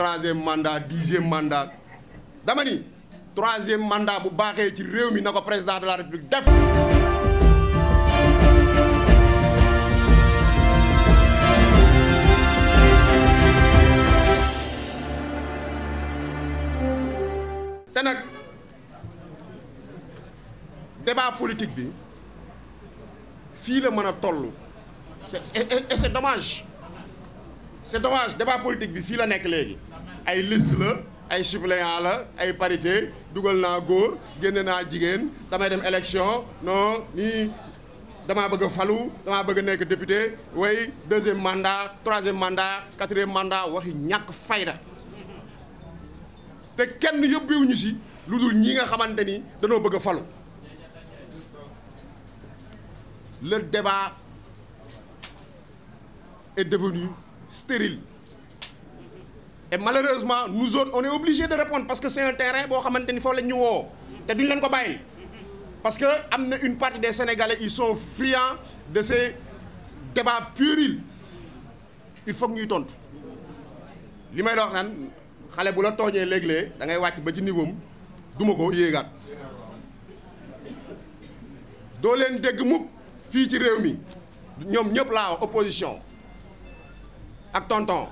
troisième mandat dixième mandat dama troisième mandat bu baaxee ci réew mi na ko président de la république def te nag débat politique bi fii la mën a toll c'est et c'est dommage c'est bi fii la nekk léegi ay liste la ay suppléant la ay parité dugal naa góor génne naa jigéen damay dem élection non dama damaa bëgg a falu damaa bëgg a nekk député way deuxième mandat troisième mandat quatrième mandat waxi ñàkk fayda te kenn yóbbuwuñu si lu dul ñi nga xamante ni danoo bëgg a falu le débat est devenu stérile et malheureusement nous autres on est obligé de répondre parce que c'est un terrain boo xamante ni foofu la ñu woo te duñ leen ko bàyyi parce que am na une partie des sénégalais ils sont friands de ces débats puérils il faut ñuy tontu li may dox naan xale bu la tooñee léeg-léeg da ngay wàcc ba ci niveau am duma ko yéegaat doo leen dégg mukk fii ci réew mi ñoom ñëpp laa wax opposition ak tonton.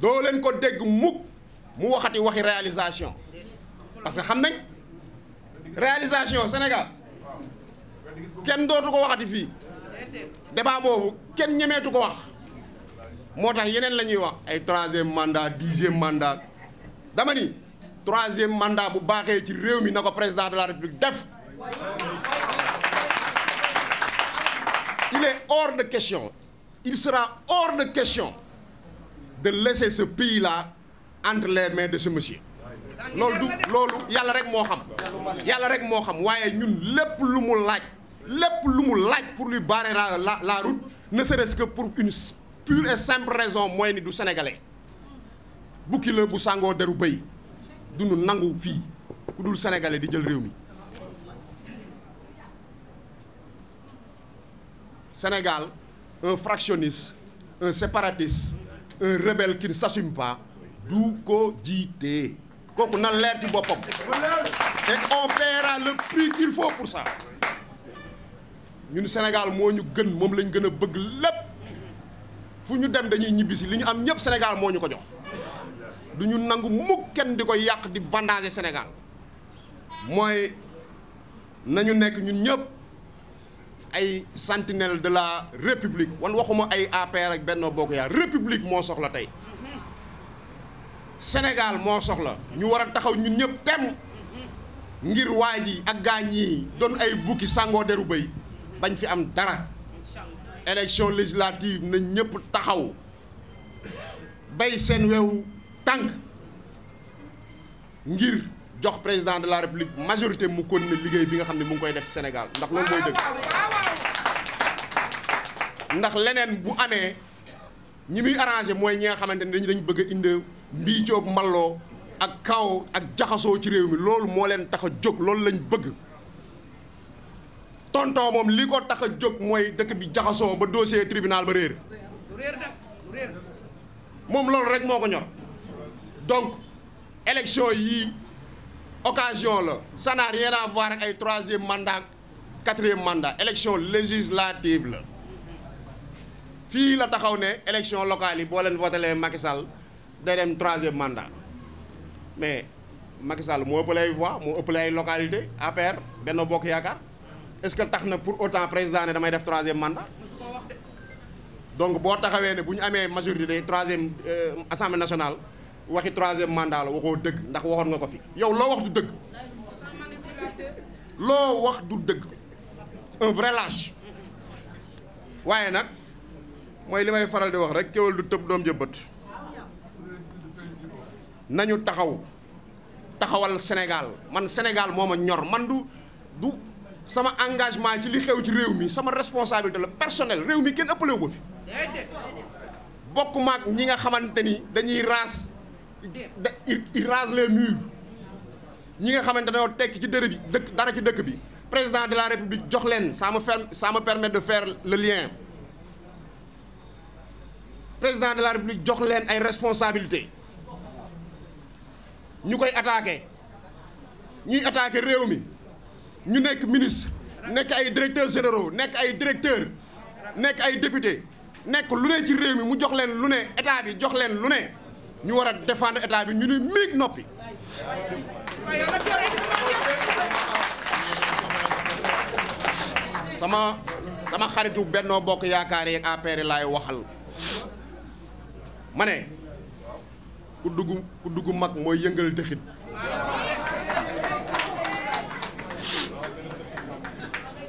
doo leen ko dégg mukk mu waxati waxi réalisation parce que xam nañ réalisation Sénégal kenn dootu ko waxati fii débat boobu kenn ñemeetu ko wax moo tax yeneen la ñuy wax ay troisième mandat dixième mandat dama ni troisième mandat bu baaxee ci réew mi na ko président de la république def il est hors question il sera hors question de laisser ce pays-là entre les mains de ce monsieur loolu du loolu yàlla rek moo xam yàlla rek moo xam waaye ñun lépp lu mu laaj lépp lu mu laaj pour lui barrer la la route ne serait-ce pour une pure et simple raison mooy ni du sénégalais bukki la bu sàngoo deru bëy dunu nangu fii ku dul sénégalais di jël réew mi Sénégal un fractionniste un rebelle qui ne s'assume du ko jiite kooku na leer ci boppam et on paiera le prix qu'il pour sa ñun Sénégal moo ñu gën moom lañ gën a bëgg lépp fu ñu dem dañuy ñibbisi li ñu am ñëpp Sénégal moo ñu ko jox du ñu nangu mukk kenn di ko yàq di vandager Sénégal mooy nañu nekk ñun ñëpp ay sentinelle de la république wan waxuma ay APR ak benn Bokk Yaakaar république moo soxla tey senegal moo soxla ñu war a taxaw ñun ñëpp tem ngir waa yi ak gaañ yi doon ay bukki sàngoo deru béy bañ fi am dara élection législative na ñëpp taxaw bay seen wewu tànk ngir jox président de la république majorité mu continuer liggéey bi nga xam ne mu ngi koy def Sénégal ndax loolu mooy dëgg ndax leneen bu amee ñi muy arrangé mooy ñi nga xamante ne dañ bëgg a indi mbiicoog malloo ak kaw ak jaxasoo ci réew mi loolu moo leen tax jóg loolu lañ bëgg tonton moom li ko tax jóg mooy dëkk bi jaxasoo ba dossier tribunal ba réer moom loolu rek moo ko ñor donc élection yii occasion la ça n'a rien à ay troisième mandat quatrième mandat élection législative la fii la taxaw ne élection locale yi boo leen votelee Macky Sall day dem troisième mandat mais Macky Sall moo ëppale ay voix moo ëppale ay localité APR Benno Bokk Yaakaar est-ce que tax na pour autant président ne damay def troisième mandat donc boo taxawee ne bu ñu amee majorité troisième euh, assemblée nationale waxi troisième mandat la waxoo dëgg ndax waxoon nga ko fi yow loo wax du dëgg loo wax du dëgg un vrai lâche waaye nag mooy li may faral di wax rek kéwal du tëb doom jëbbat nañu taxaw taxawal Sénégal man Sénégal moo ma ñor man du du sama engagement ci li xew ci réew mi sama responsabilité la personnel réew mi kenn ëppalewu ma fi bokk maag ñi nga xamante ni dañuy raas i rase les murs ñi nga xamante dañoo tekki ci dërë bi dëkk dara ci dëkk bi président de la république jox leen ça me ferme ça me permet de faire le lien président de la république jox leen ay responsabilités ñu koy attaqué ñuy attaqué réew mi ñu nekk ministre nekk ay directeurs généraux nekk ay directeurs nekk ay députés nekk lu ne ci réew mi mu jox leen lu ne état bi jox leen lu ne. ñu war a défendre état bi ñu ni miig noppi sama sama xaritu Benno Bokk Yaakaar yeeg APR lay waxal ma ne ku dugg ku mag mooy yëngal dëxit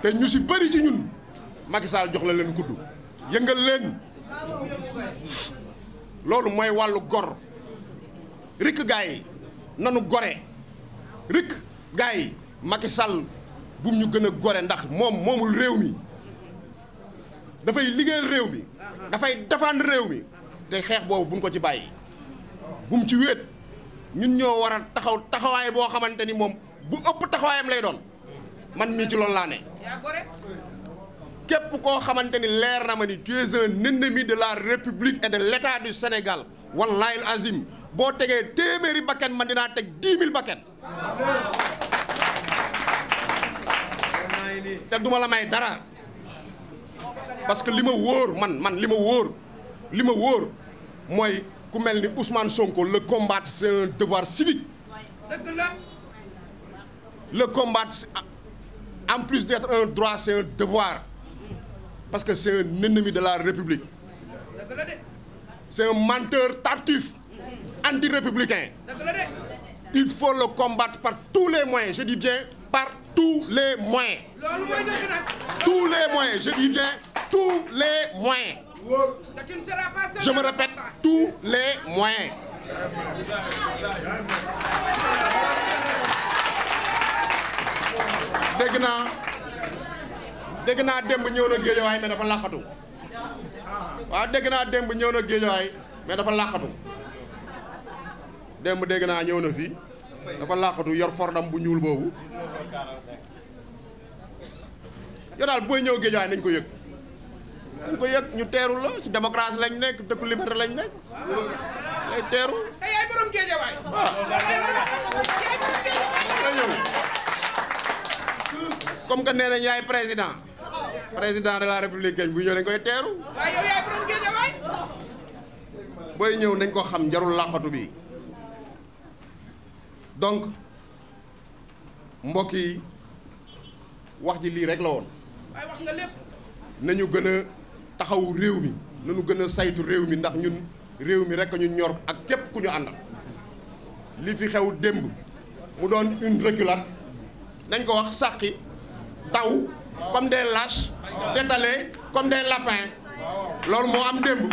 te ñu si bëri ci ñun Macky Sall jox la leen kudd yëngal leen loolu mooy wàllu gor rikk gaa yi nanu gore rikk gaa yi Macky Sall bum ñu gën a gore ndax moom moomul réew mi dafay liggéeyal réew mi dafay défendre réew mi te xeex boobu buñ ko ci bàyyi bum ci wéet ñun ñoo war a taxaw taxawaay boo xamante ni moom bu ëpp taxawaayam lay doon man mii ci loolu laa ne képp koo xamante ni leer na ma ni tu es un de la république et de l' état du Sénégal wallahi al boo tegee téeméeri bakkan man dinaa teg dix mille bakkan te duma la may dara parce que li ma wóor man man li ma wóor li ma wóor mooy ku mel ni Ousmane Sonko le combattre c' un devoir civique la le combattre en plus d' être un droit c' un devoir parce que c'est un ennemi de la République c'est un menteur tartuffe anti-républicain il faut le combattre par tous les moyens je dis bien par tous les moyens je me répète tous les moyens dégg naa démb ñëw na géejawaay mais dafa làqatu waaw dégg naa démb ñëw na géejawaay mais dafa làqatu démb dégg naa ñëw na fii dafa làqatu yor fordam bu ñuul boobu yow daal booy ñëw géejawaay nañ ko yëg nañ ko yëg ñu teeru la ci démocratie lañ nekk dëkku liberté lañ nekk lay teeru te yaay borom ah. comme que nee nañ yaay président président de la république bu ñëw koy teeru. booy ñëw nañ ko xam jarul làqatu bii donc mbokk yi wax ji lii rek la woon. nañu gën a taxaw réew mi nañu gën a saytu réew mi ndax ñun réew mi rek ñu ñor ak képp ku ñu àndal li fi xew démb mu doon une reculade nañ ko wax sàqi taw. comme des lâches détalés comme des lapins loolu moo am démb